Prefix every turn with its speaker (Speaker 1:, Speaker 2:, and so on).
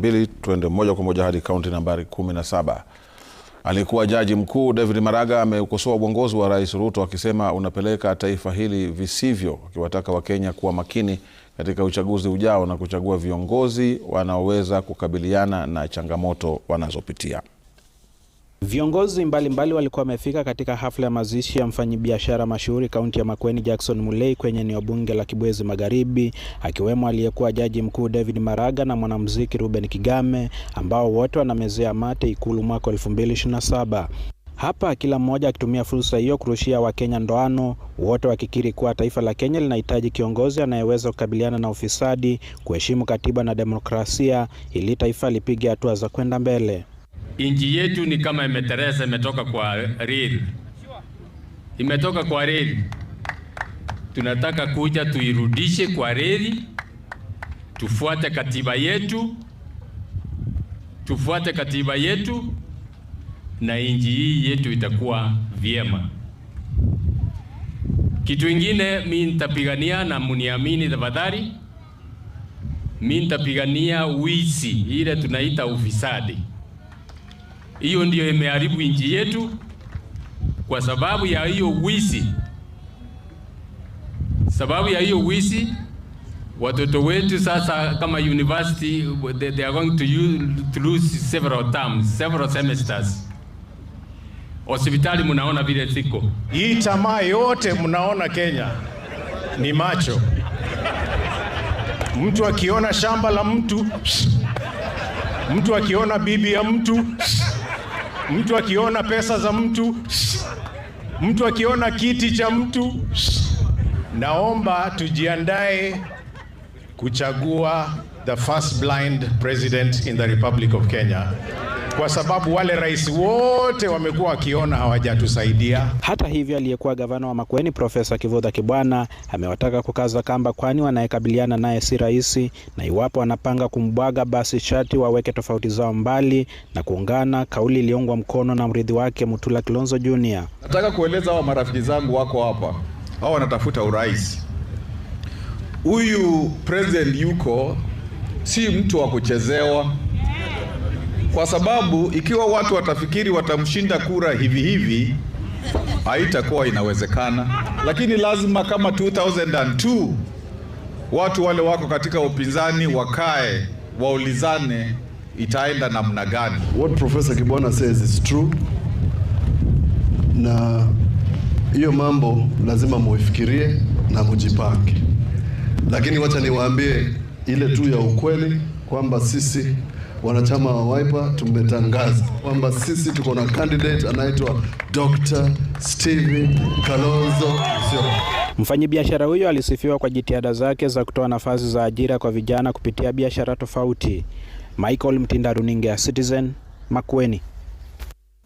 Speaker 1: Mbili, tuende moja kwa moja hadi kaunti nambari 17. Aliyekuwa jaji mkuu David Maraga ameukosoa uongozi wa Rais Ruto akisema unapeleka taifa hili visivyo, akiwataka Wakenya kuwa makini katika uchaguzi ujao na kuchagua viongozi wanaoweza kukabiliana na changamoto wanazopitia.
Speaker 2: Viongozi mbalimbali walikuwa wamefika katika hafla ya mazishi ya mfanyibiashara mashuhuri kaunti ya Makueni Jackson mulei kwenye eneo bunge la Kibwezi Magharibi, akiwemo aliyekuwa jaji mkuu David Maraga na mwanamuziki Ruben Kigame ambao wote wanamezea mate Ikulu mwaka 2027. Hapa kila mmoja akitumia fursa hiyo kurushia Wakenya ndoano, wote wakikiri kuwa taifa la Kenya linahitaji kiongozi anayeweza kukabiliana na ufisadi, kuheshimu katiba na demokrasia ili taifa lipige hatua za kwenda mbele.
Speaker 3: Inji yetu ni kama imetereza, imetoka kwa reli, imetoka kwa reli. Tunataka kuja tuirudishe kwa reli, tufuate katiba yetu, tufuate katiba yetu na inji hii yetu itakuwa vyema. Kitu ingine mi nitapigania, na muniamini tafadhali, mi nitapigania wizi ile tunaita ufisadi. Hiyo ndiyo imeharibu nchi yetu kwa sababu ya hiyo wizi. Sababu ya hiyo wizi, watoto wetu sasa kama university they, they are going to, use, to lose several terms, several semesters. Hospitali mnaona vile ziko.
Speaker 4: Hii tamaa yote mnaona Kenya ni macho. Mtu akiona shamba la mtu, mtu akiona bibi ya mtu mtu akiona pesa za mtu, mtu akiona kiti cha mtu. Naomba tujiandae kuchagua the first blind president in the Republic of Kenya kwa sababu wale rais wote wamekuwa wakiona hawajatusaidia.
Speaker 2: Hata hivyo, aliyekuwa gavana wa Makueni Profesa Kivutha Kibwana amewataka kukaza kamba, kwani wanayekabiliana naye si rais, na iwapo wanapanga kumbwaga basi shati waweke tofauti zao mbali na kuungana, kauli iliyoungwa mkono na mrithi wake Mutula Kilonzo Junior.
Speaker 5: Nataka kueleza hawa marafiki zangu wako hapa, hao wanatafuta urais. Huyu president yuko si mtu wa kuchezewa kwa sababu ikiwa watu watafikiri watamshinda kura hivi hivi haitakuwa inawezekana. Lakini lazima kama 2002 watu wale wako katika upinzani wakae waulizane itaenda namna gani.
Speaker 6: What Professor Kibwana says is true, na hiyo mambo lazima muifikirie na mujipange, lakini wacha niwaambie ile tu ya ukweli kwamba sisi wanachama wa Wiper tumetangaza kwamba sisi tuko na candidate anaitwa Dr. Steven Kalonzo Musyoka.
Speaker 2: Mfanyabiashara huyo alisifiwa kwa jitihada zake za kutoa nafasi za ajira kwa vijana kupitia biashara tofauti. Michael Mtinda, runinga ya Citizen, Makueni.